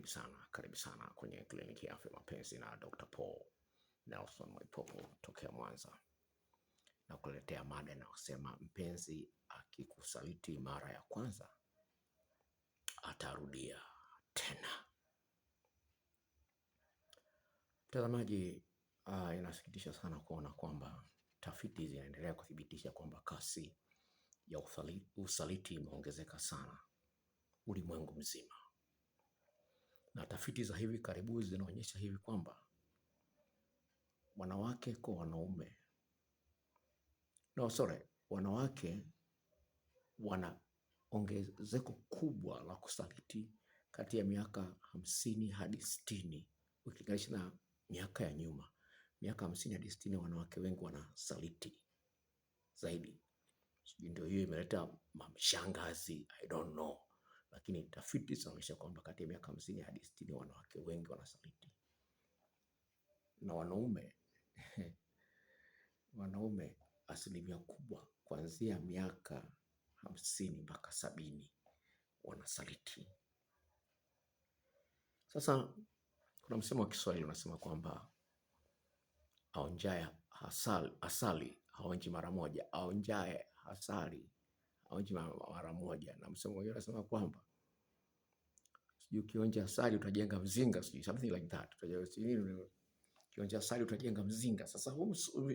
Karibu sana, karibu sana kwenye kliniki ya afya mapenzi na Dr. Paul Nelson Mwaipopo tokea Mwanza, na kuletea mada inayosema mpenzi akikusaliti mara ya kwanza atarudia tena. Mtazamaji, uh, inasikitisha sana kuona kwamba tafiti zinaendelea kuthibitisha kwamba kasi ya usaliti imeongezeka sana ulimwengu mzima na tafiti za hivi karibuni zinaonyesha hivi kwamba wanawake kwa wanaume no, sorry, wanawake wana ongezeko kubwa la kusaliti kati ya miaka hamsini hadi sitini ukilinganisha na miaka ya nyuma. Miaka hamsini hadi sitini wanawake wengi wanasaliti zaidi. Sijui ndio hiyo imeleta mamshangazi, I don't know lakini tafiti zinaonyesha kwamba kati ya miaka hamsini hadi sitini wanawake wengi wanasaliti na wanaume wanaume asilimia kubwa kuanzia miaka hamsini mpaka sabini wanasaliti. Sasa kuna msemo wa Kiswahili unasema kwamba aonjaye asali haonji mara moja, aonjaye asali aonje mara moja, na msemo mwingine anasema kwamba sijui kionja asali utajenga mzinga, sijui something like that, kionja asali utajenga mzinga. Sasa huu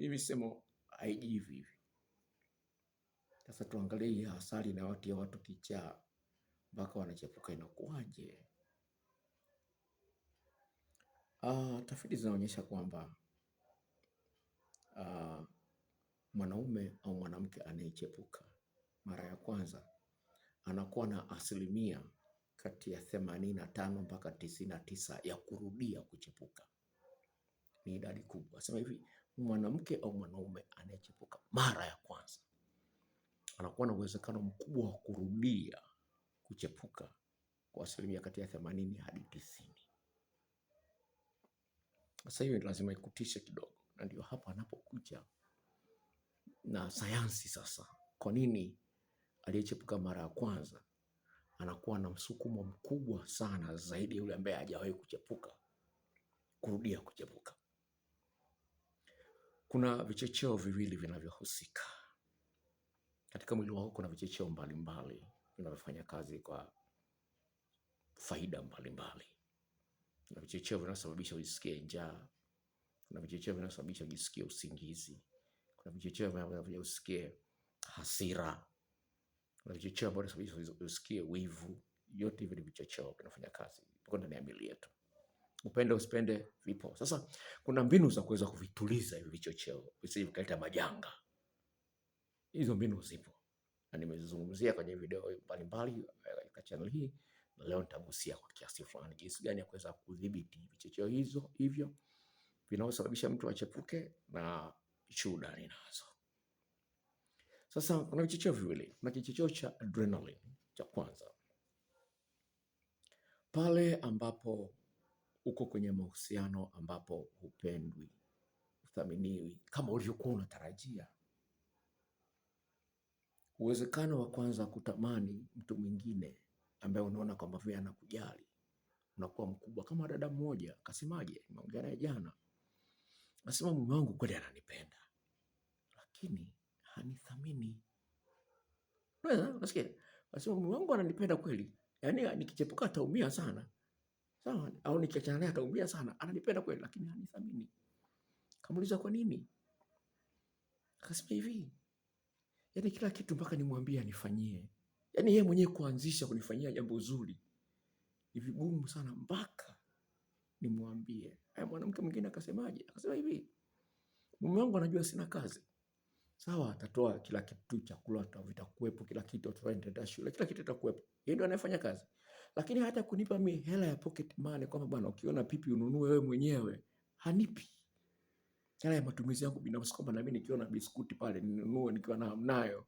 msemo haijivi hivi. Sasa tuangalie hii asali na watu ya watu kichaa mpaka wanachepuka inakuwaje? Uh, tafiti zinaonyesha kwamba uh, mwanaume au mwanamke anayechepuka mara ya kwanza anakuwa na asilimia kati ya themanini na tano mpaka tisini na tisa ya kurudia kuchepuka. Ni idadi kubwa. Sema hivi, mwanamke au mwanaume anayechepuka mara ya kwanza anakuwa na uwezekano mkubwa wa kurudia kuchepuka kwa asilimia kati ya themanini hadi tisini. Sasa hiyo lazima ikutishe kidogo, na ndio hapa anapokuja na sayansi sasa. Kwa nini aliyechepuka mara ya kwanza anakuwa na msukumo mkubwa sana zaidi ya yule ambaye hajawahi kuchepuka kurudia kuchepuka. Kuna vichocheo viwili vinavyohusika katika mwili wako. Kuna vichocheo mbalimbali vinavyofanya kazi kwa faida mbalimbali. Kuna vichocheo vinavyosababisha ujisikie njaa, kuna vichocheo vinavyosababisha ujisikie usingizi, kuna vichocheo vinavyosababisha usikie hasira, kuna vichocheo ambavyo vinasababisha usikie wivu. Yote hivyo ni vichocheo vinafanya kazi kwa ndani ya miili yetu, upende usipende vipo. Sasa kuna mbinu za kuweza kuvituliza hivi vichocheo visije vikaleta majanga. Hizo mbinu zipo na nimezungumzia kwenye video mbalimbali katika eh, channel hii, na leo nitagusia kwa kiasi fulani jinsi gani ya kuweza kudhibiti vichocheo hizo hivyo vinaosababisha mtu achepuke, na shuhuda ninazo. Sasa kuna vichocheo viwili. Kuna kichocheo cha adrenaline cha kwanza, pale ambapo uko kwenye mahusiano ambapo hupendwi, uthaminiwi kama ulivyokuwa unatarajia, uwezekano wa kwanza kutamani mtu mwingine ambaye unaona kwamba vile anakujali unakuwa mkubwa. Kama dada mmoja akasemaje, nimeongea naye jana, nasema mume wangu kweli ananipenda, lakini hanithamini. Unaweza unasikia? Unasema mume wangu ananipenda kweli. Yaani nikichepuka ataumia sana. Sawa? Au nikiachana naye ataumia sana. Ananipenda kweli lakini hanithamini. Kamuuliza kwa nini? Akasema hivi. Yaani kila kitu mpaka nimwambie anifanyie. Yaani yeye mwenyewe kuanzisha kunifanyia jambo zuri. Ni vigumu sana mpaka nimwambie. Haya, mwanamke mwingine akasemaje? Akasema hivi. Mume wangu anajua sina kazi sawa, atatoa kila kitu, chakula vitakuwepo, kila kitu, tutaenda shule, kila kitu kitakuwepo. Yeye ndio anayefanya kazi, lakini hata kunipa mimi hela ya pocket money kwamba bwana, ukiona pipi ununue wewe mwenyewe, hanipi hela ya matumizi yangu binafsi, kwamba na mimi nikiona biskuti pale ninunue nikiwa na hamnayo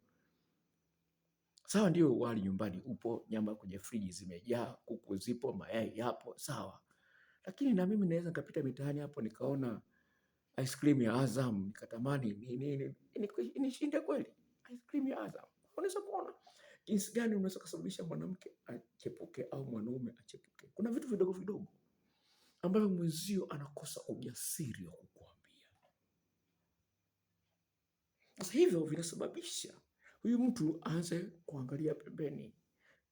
Sawa, ndio wali nyumbani upo, nyama kwenye friji zimejaa, kuku zipo, mayai yapo, sawa. Lakini na mimi naweza nikapita mitaani hapo nikaona ice cream ya Azam nikatamani ni, nini, inishinde kweli ice cream ya Azam. Unaweza kuona jinsi gani unaweza kusababisha mwanamke achepuke au mwanaume achepuke. Kuna vitu vidogo vidogo ambavyo mwenzio anakosa ujasiri wa kukuambia. Sasa hivyo vinasababisha huyu mtu aanze kuangalia pembeni.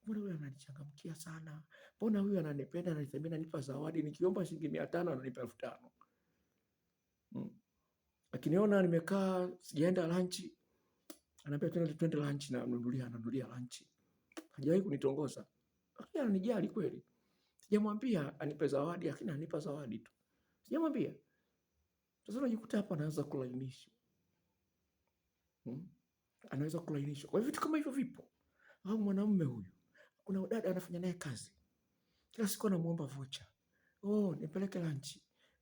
Mbona huyu ananichangamkia sana? Mbona huyu ananipenda, ananithamini, ananipa zawadi, nikiomba shilingi mia tano ananipa elfu tano. Hmm. Akiniona nimekaa sijaenda lunch, anambia twende twende lunch na mnunulia ananunulia lunch. Hajawahi kunitongoza. Yeye ananijali kweli. Sijamwambia anipe zawadi, lakini ananipa zawadi tu. Sijamwambia. Sasa unajikuta hapa anaanza kulainisha. Hmm? Anaweza kulainisha. Kwa hivyo vitu kama hivyo vipo. Au mwanamume huyu. Kuna dada anafanya naye kazi. Kila siku anamuomba vocha. Oh, nipeleke lunch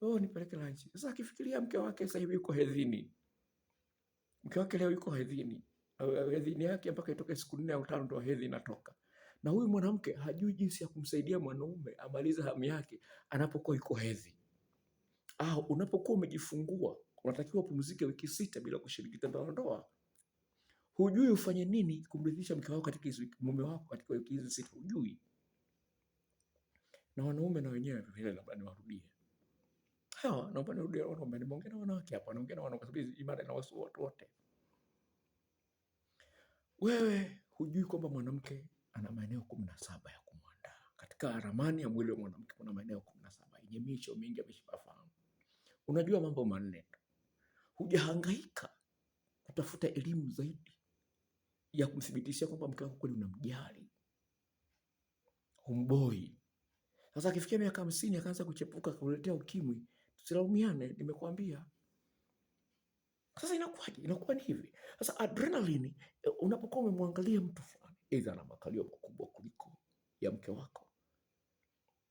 oh, nipeleke lanchi. Sasa akifikiria mke wake sasa hivi yuko hedhini, mke wake leo yuko hedhini, hedhini yake mpaka itoke siku nne au tano ndo hedhi inatoka, na huyu mwanamke hajui jinsi ya kumsaidia mwanaume amalize hamu yake anapokuwa yuko hedhi. Ah, unapokuwa umejifungua unatakiwa pumzike wiki sita bila kushiriki tendo la ndoa. Hujui ufanye nini kumridhisha mke wako katika hizo mume wako katika wiki hizi sita, hujui. Na wanaume na wenyewe vile, labda niwarudie hawa naomba nirudi wanaume, nimeongea na wanawake hapa, naongea na wanaume kwa sababu ibada inawahusu watu wote. Wewe hujui kwamba mwanamke ana maeneo kumi na saba ya kumwandaa katika ramani ya mwili wa mwanamke, kuna maeneo kumi na saba yenye micho mingi ya mishipa fahamu. Unajua mambo manne tu, hujahangaika kutafuta elimu zaidi ya kumthibitishia kwamba mke wako kweli unamjali, humboi. Sasa akifikia miaka hamsini akaanza kuchepuka, kuletea ukimwi silaumiane, nimekuambia. Sasa inakuwaje? Inakuwa ni hivi sasa, adrenaline, e, unapokuwa umemwangalia mtu fulani, aidha ana makalio makubwa kuliko ya mke wako,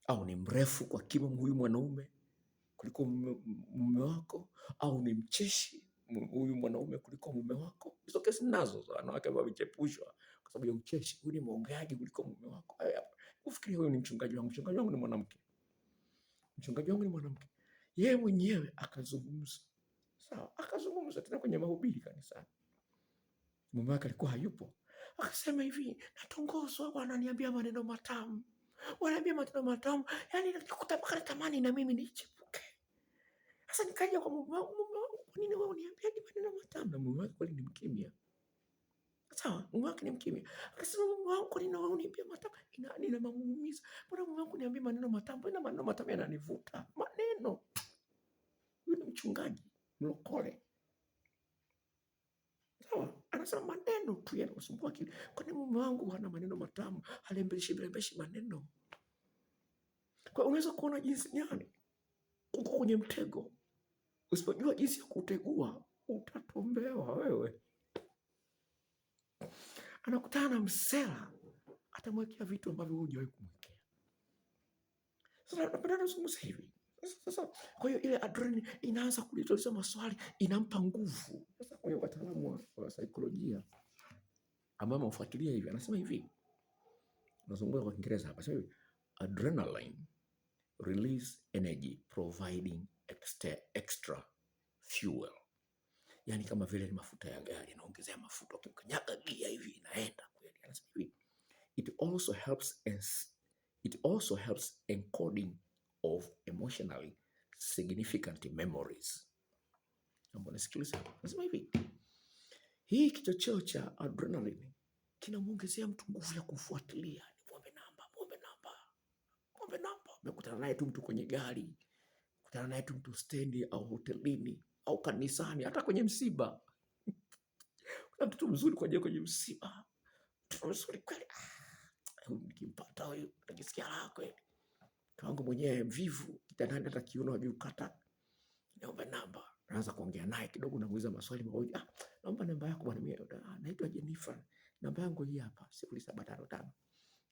au ni mrefu kwa kimo huyu mwanaume kuliko mume wako, au ni mcheshi huyu mwanaume kuliko mume wako. Hizo kesi nazo za wanawake ambao wamechepushwa kwa sababu ya ucheshi. Huyu ni mwongeaji kuliko mume wako. Eh, Ufikiri huyu ni mchungaji wangu. Mchungaji wangu ni mwanamke. Mchungaji wangu ni mwanamke yeye mwenyewe akazungumza sawa, akazungumza tena kwenye mahubiri kanisani. Mume wake alikuwa hayupo, akasema hivi, natongozwa, wananiambia maneno matamu, wananiambia maneno matamu, yani mpaka natamani na mimi nichepuke. Sasa nikaja kwa mume wangu, mume kwa nini wewe uniambiaje maneno matamu? Na mume wake kweli ni mkimya Sawa, mume wake ni mkimya. Akasema mume wangu kwa nini uniambia matamu? Ina nina maumiza. Mbona mume wangu niambia maneno matamu? Ina maneno matamu yananivuta. Maneno huyu ni mchungaji mlokole sawa anasema maneno tu yanasumbua akili kwani mume wangu hana maneno matamu alembeshiblembeshi maneno kwa unaweza kuona jinsi gani uko kwenye mtego usipojua jinsi ya kutegua utatombewa wewe anakutana na msela atamwekea vitu ambavyo hujawahi kumwekea sasa napenda nazungumza hivi sasa kwa hiyo ile adrenaline inaanza kulitoleza maswali, inampa nguvu. Sasa kwa hiyo wataalamu wa saikolojia ambao wamefuatilia hivi, anasema hivi, nazungumza kwa Kiingereza hapa, sasa hivi, adrenaline release energy providing extra, extra fuel, yani kama vile ni mafuta ya gari, inaongezea mafuta, ukikanyaga gia hivi inaenda kweli. Anasema hivi, it also helps, as, it also helps encoding of emotionally significant memories. Naomba nisikilize. Nasema hivi, hii kichocheo cha adrenaline kinamwongezea mtu nguvu ya kufuatilia. Mwombe namba, mwombe namba, mwombe namba. Umekutana naye tu mtu kwenye gari, kutana naye tu mtu stendi au hotelini au kanisani, hata kwenye msiba. Kuna mtoto mzuri kwa kwenye msiba, mtoto mzuri kweli. Ah, nikimpata huyu najisikia raha kweli wangu mwenyewe mvivu, kitandani hata kiuno hajui kukata. Naomba namba, naanza kuongea naye kidogo, namuuliza maswali mawili. Ah, naomba namba yako bwana, mimi ah, naitwa Jennifer, namba yangu hii hapa, sifuri saba tano tano.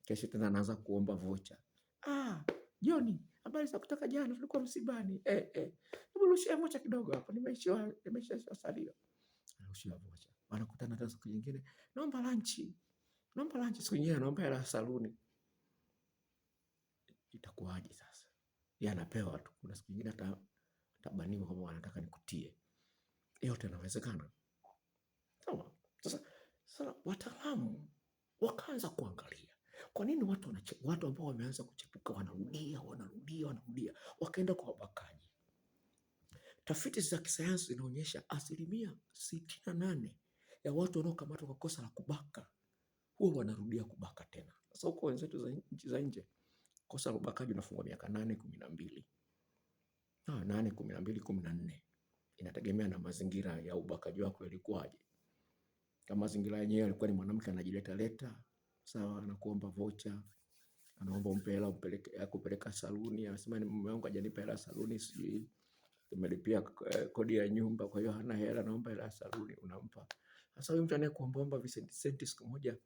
Kesho tena naanza kuomba vocha. Ah, Joni, habari za kutoka jana, tulikuwa msibani. Eh, eh, nimerushia vocha kidogo hapo, nimeishiwa nimeishiwa salio. Narushiwa vocha, wanakutana tena siku nyingine, naomba lunch, naomba lunch siku nyingine, naomba hela saluni itakuwaje sasa? Yeye anapewa tu, kuna siku nyingine atabaniwa kama anataka nikutie. Yote yanawezekana. Sawa. Sasa sasa wataalamu wakaanza kuangalia kwa nini watu wanache, watu ambao wameanza kuchepuka wanarudia wanarudia wanarudia, wakaenda kwa wabakaji. Tafiti za kisayansi zinaonyesha asilimia sitini na nane ya watu wanaokamatwa kwa kosa la kubaka huwa wanarudia kubaka tena. Sasa huko wenzetu za nchi za nje kosa la ubakaji unafungwa miaka nane kumi na mbili ah, nane kumi na mbili kumi na nne inategemea na mazingira ya ubakaji wako yalikuwaje. Kama mazingira yenyewe alikuwa ni mwanamke anajileta leta, sawa, anakuomba vocha, anaomba umpe hela ya kupeleka saluni, anasema ni mume wangu hajanipa hela saluni, sijui tumelipia eh, kodi ya nyumba, kwa hiyo hana hela, naomba hela saluni, unampa. Sasa huyu mtu anayekuombaomba visenti senti, siku moja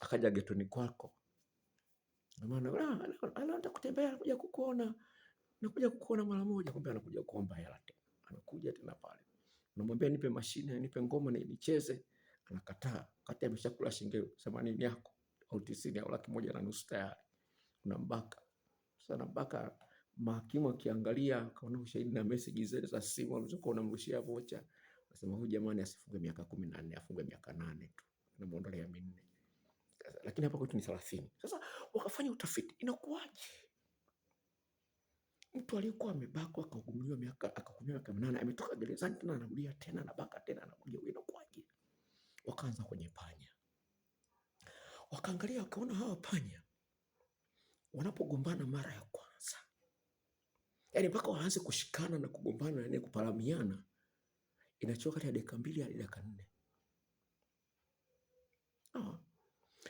akaja getoni kwako maana ah, anaenda kutembea, anakuja kukuona, anakuja kukuona mara moja, kumbe anakuja kuomba hela tena, anakuja tena pale, unamwambia nipe mashine, nipe ngoma nicheze, anakataa, kati ameshakula shilingi themanini yako au tisini au laki moja na nusu tayari, unambaka sana mpaka mahakimu akiangalia akaona ushahidi na meseji zile za simu alizokuwa unamrushia vocha, anasema huyu jamani, asifunge miaka kumi na nne afunge miaka nane tu, namwondolea minne lakini hapa kwetu ni thelathini. Sasa wakafanya utafiti, inakuwaje mtu aliyekuwa amebakwa akahukumiwa miaka akahukumiwa miaka minane ametoka gerezani tena anarudia tena anabaka tena anakuja, inakuwaje? Wakaanza kwenye panya, wakaangalia wakaona hawa panya wanapogombana mara ya kwanza, yani mpaka waanze kushikana na kugombana na yaani kupalamiana, inachukua kati ya dakika mbili hadi dakika nne.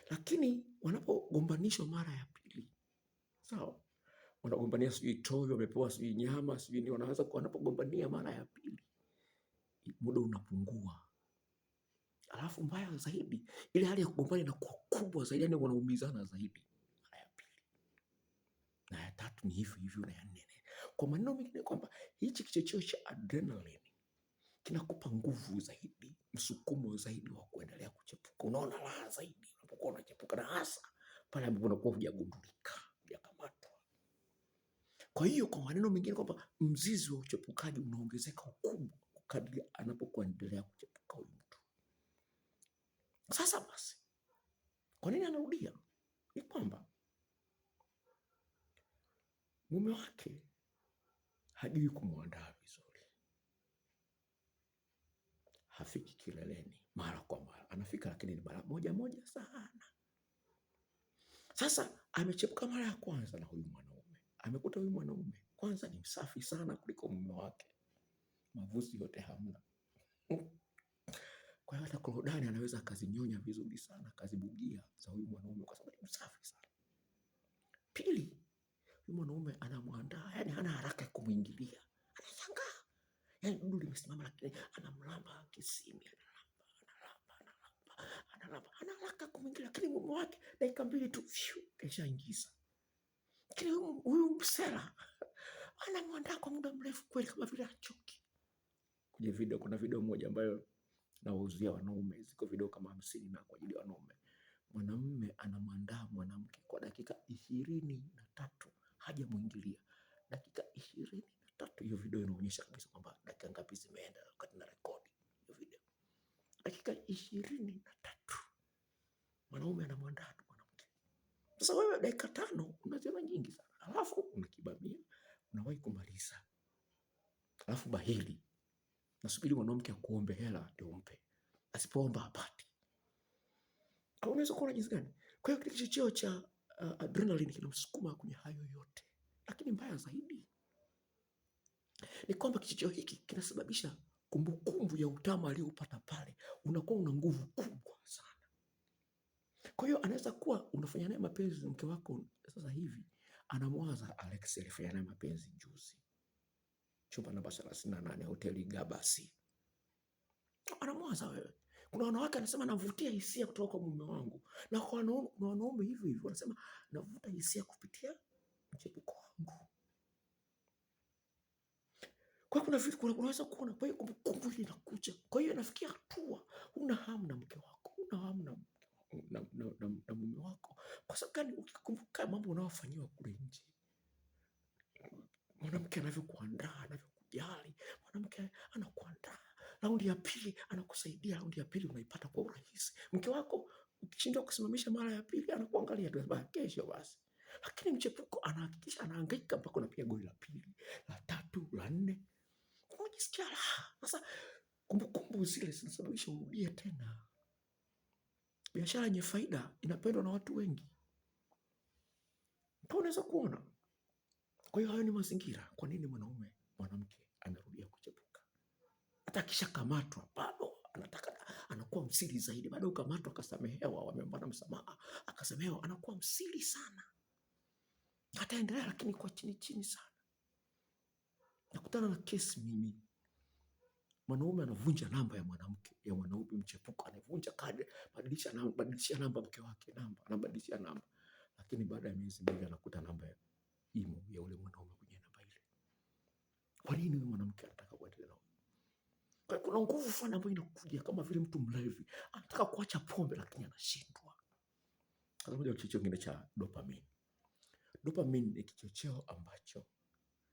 Lakini wanapogombanishwa mara ya pili, sawa, wanagombania sijui toyo wamepewa sijui nyama sijui ni wanaanza wanapogombania mara ya pili, muda unapungua. Alafu mbaya zaidi, ile hali ya kugombana inakuwa kubwa zaidi, yani wanaumizana zaidi mara ya pili, na ya tatu ni hivyo hivyo, na ya nne. Kwa maneno mengine kwamba hichi kichocheo cha adrenaline kinakupa nguvu zaidi, msukumo zaidi wa kuendelea kuchepuka, unaona raha zaidi unakuwa unachepuka, na hasa pale ambapo unakuwa hujagundulika, hujakamatwa. Kwa hiyo kwa maneno mengine kwamba mzizi wa uchepukaji unaongezeka ukubwa kadri anapokuwa endelea kuchepuka huyu mtu. Sasa basi, kwa nini anarudia? Ni kwamba mume wake hajui kumwandaa vizuri, hafiki kileleni mara kwa mara anafika, lakini ni mara moja moja sana. Sasa amechepuka mara ya kwanza na huyu mwanaume, amekuta huyu mwanaume kwanza ni msafi sana kuliko mume wake, mavuzi yote hamna. Kwa hiyo hata korodani anaweza akazinyonya vizuri sana akazibugia za huyu mwanaume kwa sababu ni msafi sana. Pili, huyu mwanaume anamwandaa, yani hana haraka ya kumwingilia, anashangaa, yani dudu limesimama, lakini anamlamba kisimia ana haraka kumwingia, lakini mume wake dakika mbili tu kaishaingiza. Lakini huyu msela anamwandaa kwa muda mrefu kweli, kama vile achoki. Kwenye video kuna video moja ambayo nawauzia wanaume, ziko video kama hamsini na kwa ajili ya wanaume. Mwanamume anamwandaa mwanamke kwa dakika ishirini na tatu hajamwingilia, dakika ishirini na tatu. Hiyo video inaonyesha kabisa kwamba dakika ngapi zimeenda wakati na rekodi hiyo video, dakika ishirini na tatu mwanaume anamwandaa tu mwanamke. Sasa wewe dakika tano unaziona nyingi sana, alafu unakibamia unawahi kumaliza, alafu bahili, nasubiri mwanamke akuombe hela ndio umpe, asipoomba hapati. Unaweza kuona jinsi gani? Kwa hiyo kile kichocheo cha uh, adrenaline kinamsukuma kwenye hayo yote, lakini mbaya zaidi ni kwamba kichocheo hiki kinasababisha kumbukumbu ya utamu aliyopata pale, unakuwa una nguvu kubwa kwa hiyo anaweza kuwa unafanya naye mapenzi na mke wako sasa hivi anamwaza Alex alifanya naye mapenzi juzi, chumba namba thelathini na nane hoteli Gabasi, anamwaza wewe. Kuna wanawake anasema navutia hisia kutoka kwa mume wangu, na kwa wanaume wanaume hivyo hivyo wanasema navuta hisia kupitia mchepuko wangu. Kwa kuna vitu kuna unaweza kuona, kwa hiyo kumbukumbu inakuja. Kwa hiyo inafikia hatua una hamu na mke wako, una hamu na mke na, na, na, na mume wako, kwa sababu gani? Ukikumbuka mambo unayofanyiwa kule nje, mwanamke anavyokuandaa, anavyokujali mwanamke anakuandaa. Raundi ya pili anakusaidia, raundi ya pili unaipata kwa urahisi. Mke wako ukishindwa kusimamisha mara ya pili, anakuangalia tu, kesho basi lakini mchepuko anahakikisha anahangaika mpaka unapiga goli la pili la tatu la nne, unajisikia raha. Sasa kumbukumbu zile zinasababisha urudie tena biashara yenye faida inapendwa na watu wengi. Kwa unaweza kuona. Kwa hiyo hayo ni mazingira. Kwa nini mwanaume mwanamke anarudia kuchepuka? Hata kamatwa bado anataka anakuwa msiri zaidi. Baada ukamatwa akasamehewa, wamempata msamaha, akasamehewa, anakuwa msiri sana. Ataendelea lakini kwa chini chini sana. Nakutana na kesi mimi Mwanaume anavunja namba ya mwanamke ya mwanaume mchepuko, anavunja kadi, badilisha namba, badilisha namba mke wake namba, anabadilisha namba, lakini baada ya miezi miwili anakuta namba ya imo ya ule mwanaume kwenye namba ile. Kwa nini huyu mwanamke anataka kuendelea? na Kwa kuna nguvu fulani ambayo inakuja kama vile mtu mlevi anataka kuacha pombe lakini anashindwa. Anakuja kichocheo kingine cha dopamine. Dopamine ni kichocheo ambacho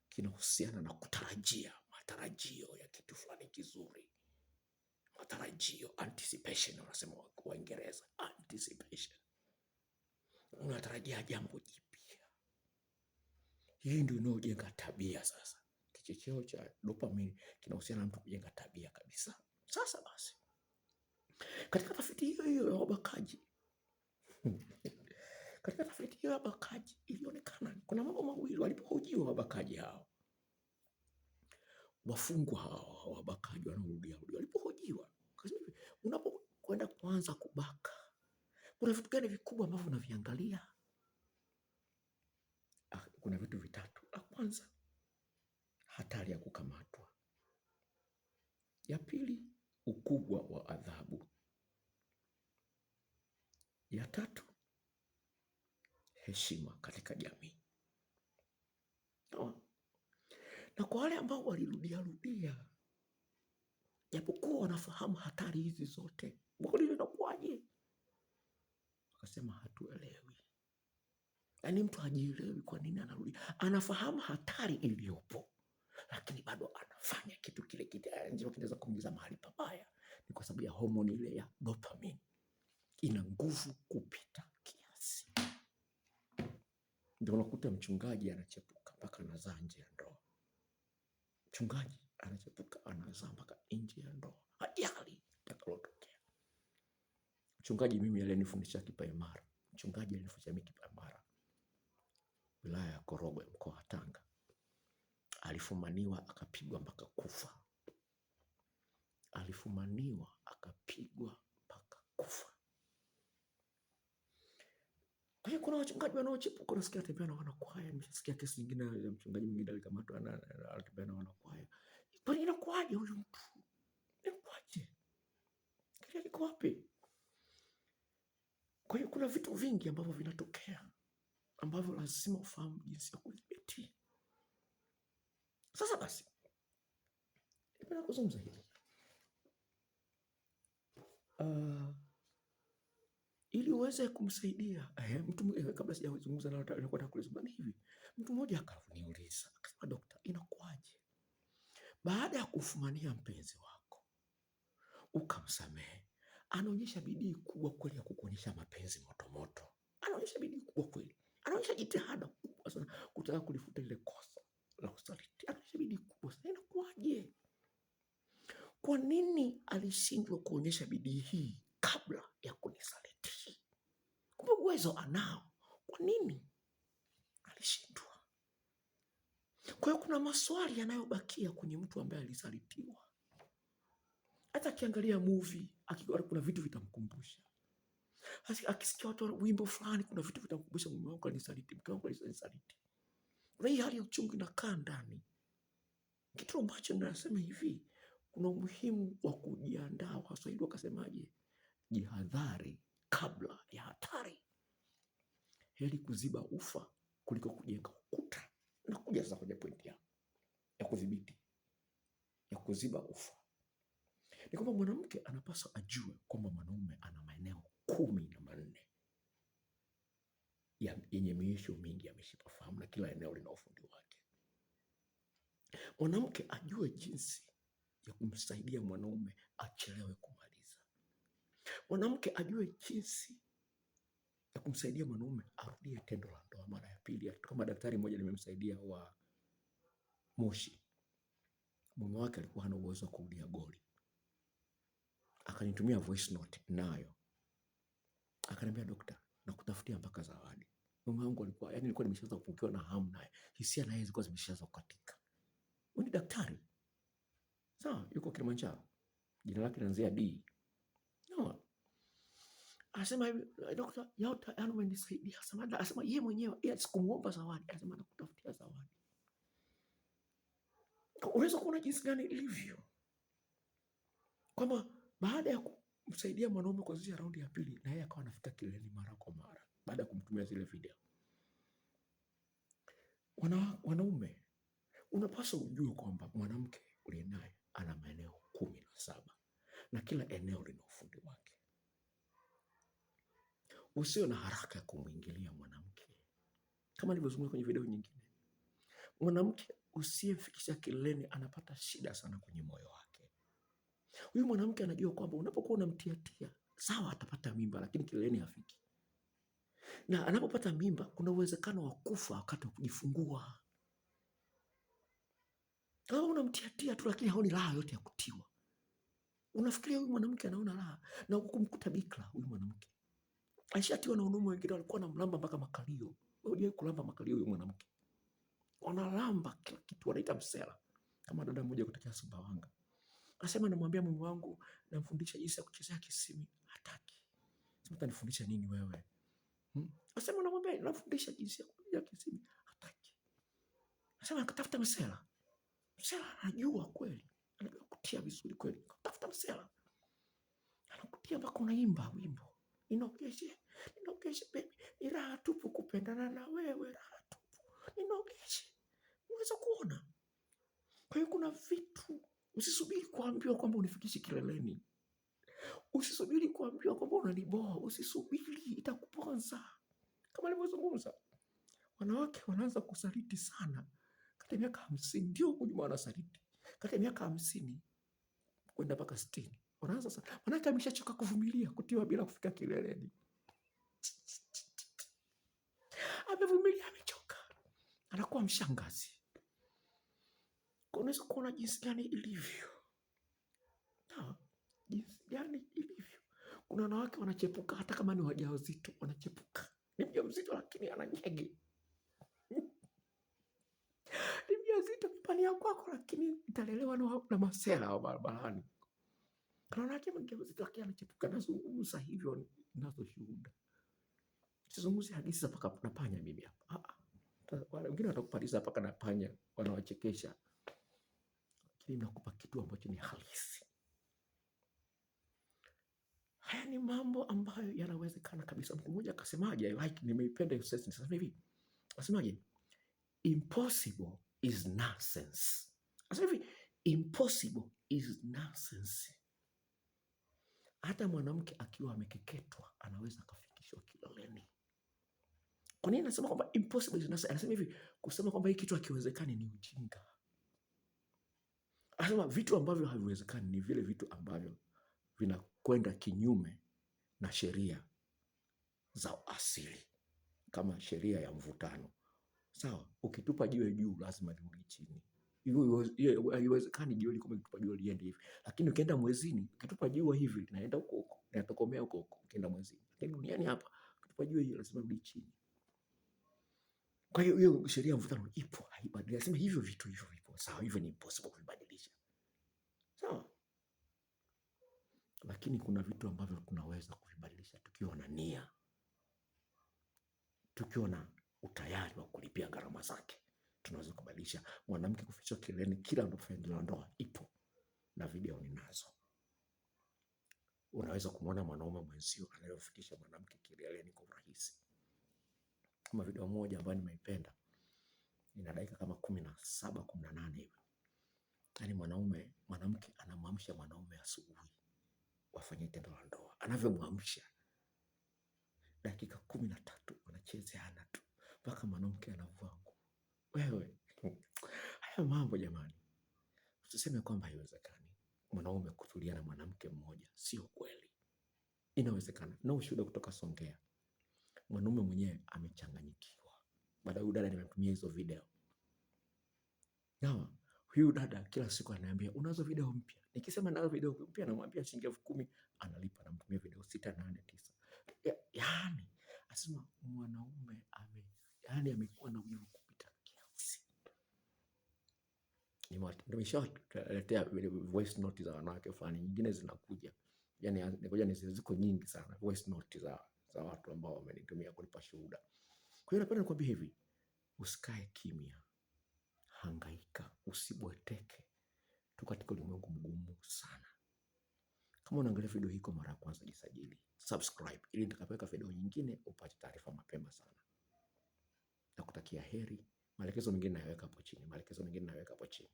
kinahusiana na kutarajia matarajio ya kitu fulani kizuri, matarajio, anticipation wanasema Waingereza, anticipation. Unatarajia jambo jipya. Hii ndio inayojenga tabia. Sasa kichocheo cha dopamine kinahusiana na mtu kujenga tabia kabisa. Sasa basi, katika tafiti hiyo hiyo ya wabakaji katika tafiti hiyo ya wabakaji ilionekana kuna mambo mawili walipohojiwa wabakaji hao wafungwa hawa wabakaji wanaorudiarudi walipohojiwa, unapokwenda kuanza kubaka, kuna vitu gani vikubwa ambavyo unaviangalia? Ah, kuna vitu vitatu. La kwanza, hatari ya kukamatwa. Ya pili, ukubwa wa adhabu. Ya tatu, heshima katika jamii. Na kwa wale ambao walirudia rudia, japokuwa wanafahamu hatari hizi zote, mwili linakuwaje? Akasema hatuelewi. Yaani mtu hajielewi kwa nini anarudi. Anafahamu hatari iliyopo, lakini bado anafanya kitu kile kile, yaani kinaweza kumwingiza mahali pabaya. Ni kwa sababu ya homoni ile ya dopamine, ina nguvu kupita kiasi. Ndio unakuta mchungaji anachepuka mpaka anazaa nje ya ndoa. Mchungaji anachepuka anazaa mpaka nje ya ndoa, ajali atakalotokea. Mchungaji mimi alinifundisha kipaimara, mchungaji alinifundisha mimi kipaimara, wilaya ya Korogwe, mkoa wa Tanga, alifumaniwa akapigwa mpaka kufa, alifumaniwa akapigwa eh, kuna wachungaji wanaochipuka, nasikia atembea na wanakwaya. Nimesikia kesi nyingine ya mchungaji mwingine alikamatwa na anatembea na wanakwaya. Kwani inakuwaje huyu mtu? Inakuwaje? Kile liko wapi? Kwa hiyo kuna vitu vingi ambavyo vinatokea ambavyo lazima ufahamu jinsi ya kudhibiti. Sasa basi, napenda kuzungumza hili uh, ili uweze kumsaidia eh, mtu kabla sijazungumza nao nilikuwa nakuuliza hivi. Mtu mmoja akaniuliza akasema, daktari, inakuwaje baada ya kufumania mpenzi wako ukamsamehe, anaonyesha bidii kubwa kweli ya kukuonyesha mapenzi moto moto, anaonyesha bidii kubwa kweli, anaonyesha jitihada kubwa sana kutaka kulifuta ile kosa la usaliti, anaonyesha bidii kubwa sana, inakuwaje? Kwa nini alishindwa kuonyesha bidii hii kabla ya kunisaliti. Kumbe uwezo anao, kwa nini alishindwa? Kwa hiyo kuna maswali yanayobakia kwenye mtu ambaye alisalitiwa. Hata akiangalia movie kuna vitu vitamkumbusha, akisikia watu wimbo fulani, kuna vitu vitamkumbusha, mume wangu alisaliti, mke wangu alisaliti. Na hii hali ya uchungu inakaa ndani, kitu ambacho ninasema hivi kuna umuhimu wa kujiandaa. Waswahili wakasemaje? jihadhari kabla ya hatari. Heri kuziba ufa kuliko kujenga ukuta. Na kuja sasa kwenye pointi ya, ya kudhibiti ya kuziba ufa ni kwamba mwanamke anapaswa ajue kwamba mwanaume ana maeneo kumi na manne yenye miisho mingi ya mishipa fahamu na kila eneo lina ufundi wake. Mwanamke ajue jinsi ya kumsaidia mwanaume achelewe kuma Mwanamke ajue jinsi ya kumsaidia mwanaume arudie tendo la ndoa mara ya pili. Kama daktari mmoja nimemsaidia wa Moshi, mume wake alikuwa hana uwezo wa kurudia goli, akanitumia voice note nayo, akaniambia dokta, nakutafutia mpaka zawadi. Mume wangu alikuwa yani, nilikuwa nimeshaanza kupungukiwa na hamu, naye hisia naye zilikuwa zimeshaanza kukatika. Huyu ni daktari sawa, yuko Kilimanjaro, jina lake linaanzia D Anasema hivi eh, dokta, yote yani umenisaidia samadi. Anasema yeye mwenyewe yeye sikumuomba zawadi, anasema nakutafutia zawadi. Unaweza kuona jinsi gani ilivyo kwamba baada ya kumsaidia mwanaume kwa zile raundi ya pili, na yeye akawa anafika kileleni mara kwa mara baada ya kumtumia zile video. Wana, wanaume unapaswa ujue kwamba mwanamke uliye naye ana maeneo kumi na saba na kila eneo lina ufundi wake. Usiwe na haraka ya kumwingilia mwanamke, kama nilivyozungumza kwenye video nyingine. Mwanamke usiyemfikisha kileleni anapata shida sana kwenye moyo wake. Huyu mwanamke anajua kwamba unapokuwa unamtiatia, sawa, atapata mimba, lakini kileleni hafiki, na anapopata mimba kuna uwezekano wa kufa wakati wa kujifungua. Kama unamtiatia tu, lakini haoni raha yote ya kutiwa, unafikiria huyu mwanamke anaona raha na kumkuta bikra huyu mwanamke alishatiwa na wanaume wengine walikuwa wanamlamba mpaka makalio. Unajua kulamba makalio huyo mwanamke. Wanalamba kila kitu wanaita msela. Kama dada mmoja kutoka Sumbawanga. Anasema namwambia mume wangu namfundisha jinsi ya kuchezea kisimi, hataki. Sasa utanifundisha nini wewe? Hmm? Anasema namwambia namfundisha jinsi ya kuchezea kisimi, hataki. Anasema akatafuta msela. Msela anajua kweli. Anajua kutia vizuri kweli. Akatafuta msela. Anakutia mpaka unaimba wimbo. Ninogeshe, ninogeshe baby. Ni raha tupu kupendana na wewe, raha tupu. Ninogeshe. Unaweza kuona. Kwa hiyo kuna vitu usisubiri kuambiwa kwamba unifikishe kileleni. Usisubiri kuambiwa kwamba unaniboa, usisubiri itakuponza. Kama alivyozungumza. Wanawake wanaanza kusaliti sana kati ya miaka hamsini, ndio huko nyuma wanasaliti. Kati ya miaka hamsini kwenda mpaka sitini. Unaanza sasa, manake ameshachoka kuvumilia kutiwa bila kufika kileleni. Amevumilia, amechoka, anakuwa mshangazi. Unaweza kuona jinsi gani ilivyo na jinsi gani ilivyo. Kuna wanawake wanachepuka, hata kama ni wajawazito, wanachepuka. Ni mja mzito, lakini ananyege ni mja ni mjamzito, ya kwako, lakini italelewa na masela wa barabarani. Mwanamke mgeuzi tokea amechepuka nazungumza hivyo nazo shuhuda. Sizungumzi hadithi za paka na panya mimi hapa. Ah, ah. Wengine watakupatiza paka na panya wanawachekesha. Lakini nakupa kitu ambacho ni halisi. Haya ni mambo ambayo yanawezekana kabisa. Mtu mmoja akasemaje, I like nimeipenda hiyo sentence. Sasa hivi asemaje? Impossible is nonsense. Asemaje? impossible is nonsense. Hata mwanamke akiwa amekeketwa anaweza akafikishwa kileleni. Kwa nini anasema kwamba impossible is nothing? Anasema hivi kusema kwamba hii kitu hakiwezekani ni ujinga. Anasema vitu ambavyo haviwezekani ni vile vitu ambavyo vinakwenda kinyume na sheria za asili, kama sheria ya mvutano. Sawa, ukitupa jiwe juu lazima lirudi chini haiwezekani jua liko ukitupa jua liende hivi, lakini ukienda mwezini ukitupa jua hivi linaenda huko huko, linatokomea huko huko ukienda mwezini. Lakini duniani hapa ukitupa jua hiyo lazima rudi chini. Kwa hiyo hiyo sheria ya mvutano ipo, haibadili, Lazima hivyo vitu hivyo vipo, sawa, hivyo ni impossible kuvibadilisha, sawa. Lakini kuna vitu ambavyo tunaweza kuvibadilisha tukiwa na nia, tukiwa na utayari wa kulipia gharama zake kudadisha. Mwanamke kufichwa kileleni kila tendo ndoa ipo na video ninazo. Unaweza kumwona mwanaume mwenzio anayofikisha mwanamke kileleni kwa urahisi. Kama video moja ambayo nimeipenda ina dakika kama kumi na saba kumi na nane hivi, yaani mwanaume mwanamke anamwamsha mwanaume asubuhi wafanye tendo la ndoa, anavyomwamsha dakika kumi na tatu wanachezeana tu mpaka mwanamke anavua nguo. Wewe Haya mambo jamani, tuseme kwamba haiwezekani mwanaume kutulia na mwanamke mmoja, sio kweli. Inawezekana na ushuhuda kutoka Songea, mwanaume mwenyewe amechanganyikiwa. Baada huyu dada nimemtumia hizo video Nawa, huyu dada kila siku ananiambia unazo video mpya. Nikisema nazo video mpya namwambia shilingi elfu kumi analipa namtumia video sita nane tisa. yani asema mwanaume ame, yaani amekuwa na ujuzi Nimeshaletea voice note za wanawake fulani, nyingine zinakuja, yani nikoja ni ziko nyingi sana voice note za, za watu ambao wamenitumia kunipa shuhuda. Kwa hiyo napenda nikwambie hivi, usikae kimya, hangaika, usibweteke. Tu katika ulimwengu mgumu sana. Kama unaangalia video hii kwa mara ya kwanza, jisajili subscribe, ili nitakapoweka video nyingine upate taarifa mapema sana. Nakutakia heri. Maelekezo mengine nayaweka hapo chini, maelekezo mengine nayaweka hapo chini.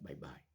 Bye bye.